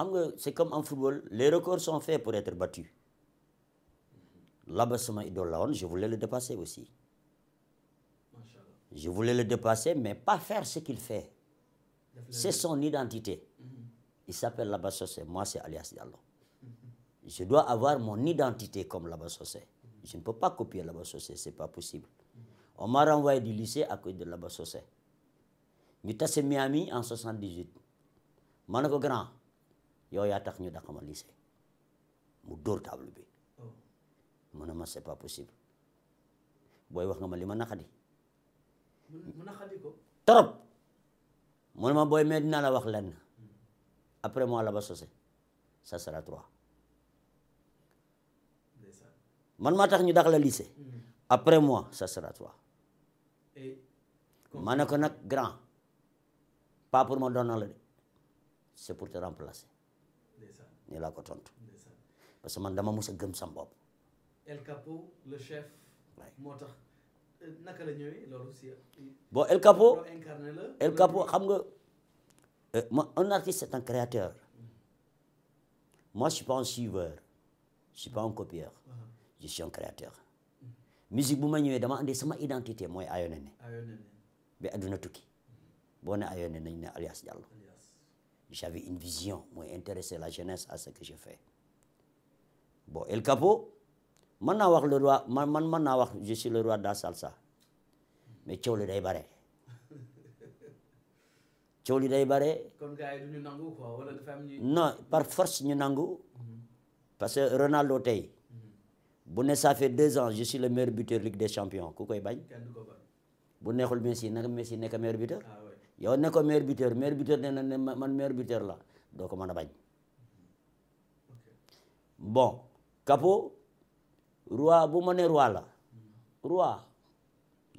xam nga c'est comme en football les records sont faits pour être battus là-bas sama idole la woon je voulais le dépasser aussi je voulais le dépasser mais pas faire ce qu'il fait c'est son identité mhm. il s'appelle Laba Sossé moi c'est Alias Diallo je dois avoir mon identité comme Laba Sossé je ne peux pas copier Laba Sossé c'est pas possible on m'a renvoyé du lycée à cause de Laba Sossé ñu tase Miami en 78 ma ne ko grand yow yaa tax ñu dàq ma lycée mu dóor table bi oh. mu ne ma c'est pas possible booy wax nga ma li ma naqadi. mu naqadi ko. trop mu ne ma booy mais dina la wax lenn après moi la ba sose ça sera trois man maa la lycée mm. après moi ça ko nag grand pas pour ma doon na la de c'est pour te nii laa ko tontu. parce que man dama musa gëm sam bopp. El Capo le chef. moo tax euh, naka la ñëwee loolu si. Euh, bon El Capo El xam nga. Euh, ma un artiste c'est un créateur. Mm. moi je suis pas un suiveur. je suis uh-huh. créateur. musique bu ma ñëwee dama andi sama identité mooy Ayonene. Ayonene bi adduna tukki. Mm-hmm. boo ne Ayonene nañ ne Alias Diallo. j'avais une vision mooy intéresser la jeunesse à ce que je fais bon El Capo mën naa wax le roi man man naa wax je suis le roi de la salsa mais coow day bare coow li day bare comme gars ñu nangu quoi non par force ñu nangu mm-hmm. parce que Ronaldo tey mm-hmm. bu ne ça fait ans je suis le meilleur buteur Ligue des Champions ku koy bañ bu neexul Messi nag Messi nekk meilleur buteur ah yow nekko ko meilleur buteur meilleur buteur nee na ne man meilleur la doo ko mën a bañ bon Capo roi bu ma ne roi la roi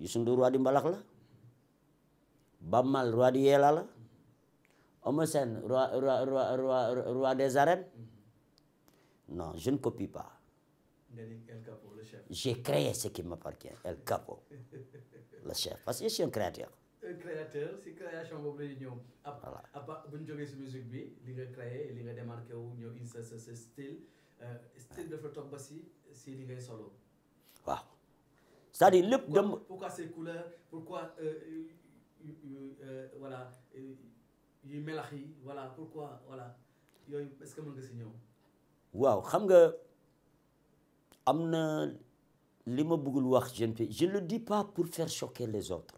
Youssou Ndour roi di mbalax la Baaba Maal roi di yeela la Eumeu Sène roi des arènes non je ne copie pas j'ai créé ce qui m'appartient El Capo le chef parce que je suis un créateur créateur si création boobu lañu ñëw. voilà bu ñu jógee si musique bi li nga créé li nga démarqué wu ñëw in sa sa style euh, style dafa toog ba si si li ngay solo. waaw c'est-à-dire lépp dem. pourquoi ces couleurs pour quoi euh, yu euh, melax yi voilà pourquoi voilà yooyu est-ce que mën nga si ñëw. waaw xam nga am na li ma bëggul wax je ne je le dis pas pour faire choquer les autres.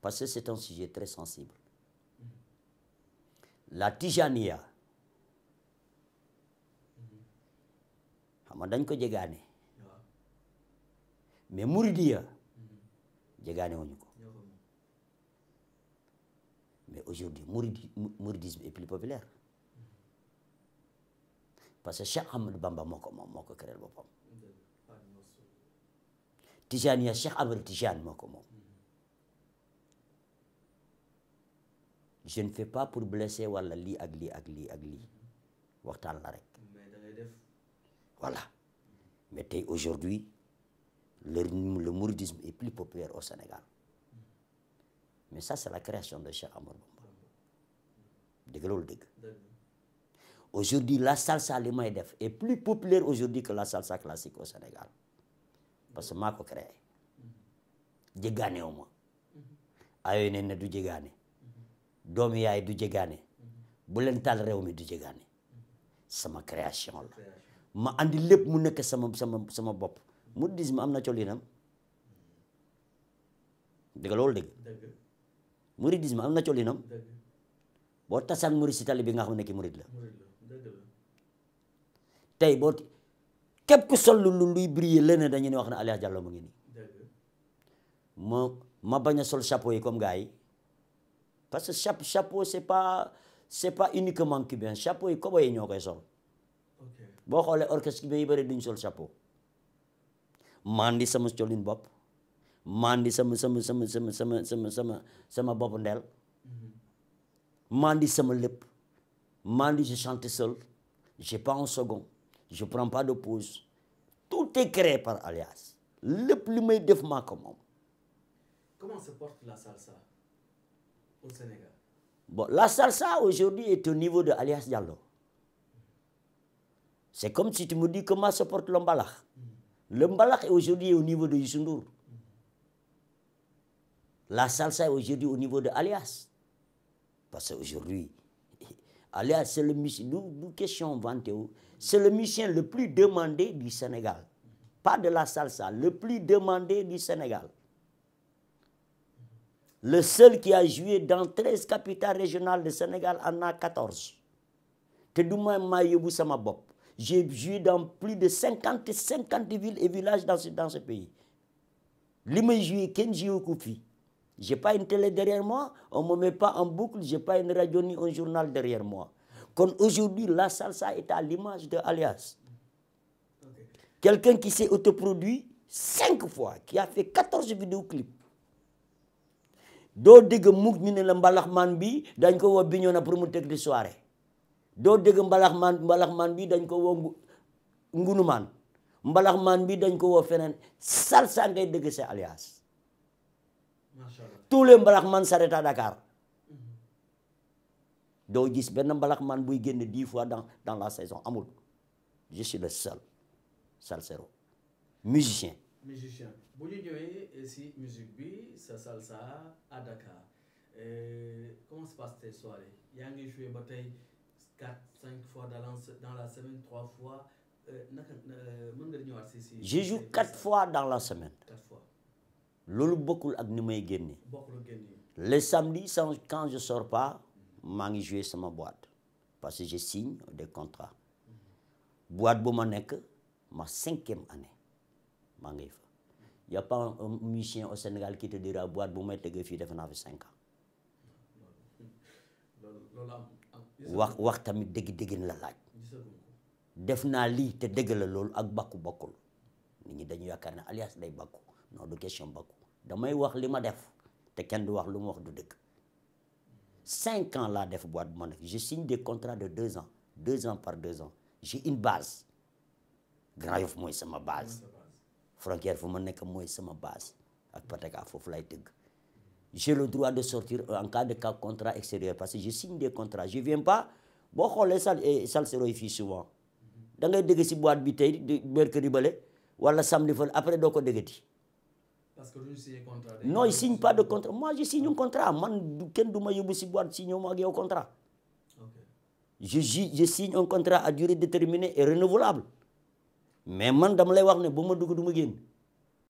parce que c'est un sujet très sensible. La tijaniya xam nga dañ ko jegaane mais muridiya jegaane wuñu ko mais aujourd'hui muridi muridisme est plus populaire parce que Cheikh Ahmadou Bamba moo ko moom moo ko créel boppam tijaniya Cheikh Ahmadou Tijane moo ko moom je ne fais pas pour blesser wala lii ak lii ak lii ak lii waxtaan la rek voilà mais tey aujourd'hui le le mouridisme est plus populaire au Sénégal mais ça c'est la création de Cheikh Amadou Bamba dëgg loolu dëgg aujourd'hui la salsa li may def est plus populaire aujourd'hui que la salsa classique au Sénégal parce que maa ko créé mm-hmm. jéggaane wu ma mm-hmm. ayoy ne na du jéggaane doomu yaay du jegaane bu leen taal réew mi du jegaane sama création la ma andi lépp mu nekk sama sama sama bopp mouridisme am na colinam dëgg loolu dëgg mouridisme am na colinam boo tasaan murid si tali bi nga xam ne ki murid la tey boo képp ku sol lu luy briller leneen dañu ne wax ne Alias Diallo mu ngi nii ma ma a sol chapeau yi comme yi parce que chape chapeau c' est pas c' est pas uniquement cubain chapeau yi kobo yi ñoo koy sol boo xoolee orchestre cubain yi bëri duñ sol chapeau man di sama colin bopp man di sama sama sama sama sama sama sama sama bopp ndeel man mhm. sama lépp man di chante seul j'ai pas un second je prends pas de pause tout est créé par alias lépp li may def maa ko moom. comment se porte la salsa au la salsa aujourd'hui est au niveau de Alias Diallo. C'est comme si tu me dis comment se porte le mbalax. Le mbalax est aujourd'hui au niveau de Youssou Ndour. La salsa est aujourd'hui au niveau de Alias. Parce qu'aujourd'hui, Alias, c'est le musicien, nous, question le musicien le plus demandé du Sénégal. Pas de la salsa, le plus demandé du Sénégal. Le seul qui a joué dans 13 capitales régionales du Sénégal en a 14. te du ma maa yóbbu sama bopp j'ai joué dans plus de cinquante cinquante villes et villages dans ce dans ce pays li may joué kenn joué ko fii j'ai pas une télé derrière moi on me met pas en boucle j'ai pas une radio ni un journal derrière moi kon aujourd'hui la salsa est à l'image de Alias okay. quelqu'un qui s'est autoproduit cinq fois qui a fait quatorze vidéoclips doo dégg mukk ñu ne la mbalaxmaan bi dañ ko woo na pour mu teg di soirée doo dégg mbalaxmaan mbalaxmaan bi dañ ko woo ngunumaan mbalaxmaan bi dañ ko woo feneen salsa ngay dégg c'est alias tous les mbalaxmaan s'arrêtent à Dakar mm-hmm. doo gis benn mbalaxmaan buy génn dix fois dans dans la saison amul je suis le seul salsero musicien musicien bu ñu ñëwee eh, si musique bi sa salsa à Dakar eh, comment se yaa ngi joué ba tey quatre cinq fois dans la semaine trois fois eh, naka mën nga ñëwaat si je joue quatre fois dans la semaine. quatre fois. loolu bokkul ak ni may génne. bokkul génne. les samedis sans quand je sors pas maa ngi joué sama boite parce que je signe des contrat mm-hmm. boîte bu ma nekk ma cinquième année. maa ngay fa y a pas au Sénégal qui te dira boîte bu may tëggee fii defe naa fi cinq ans wax wax tamit dëgg dëggin la laaj def naa lii te dëgg la loolu ak bakku bokkul nit ñi dañu yaakaar ne alias day bakku non du question bakku damay wax li ma def te kenn di wax lu ma wax du dëgg cinq ans laa def boîte bu ma nekk je signe des contrat de deux ans deux ans par deux ans j'ai une base Grand Yoff mooy sama baas frontière fu ma nekk mooy sama base ak pataka foofu lay tëgg j'ai le droit de sortir en cas de contrat extérieur parce que je signe des contrats je viens pas boo xoolee sal eh, salsero yi fii souvent da ngay dégg si boit bi tey mercredi bale wala samedi fa après doo ko déggati parce que non il signe pas de contrat moi je signe un contrat man kenn du ma si boîte signé ma ak yow contrat je je signe un contrat à durée déterminée et renouvelable mais man dama lay wax ne ba ma dugg du ma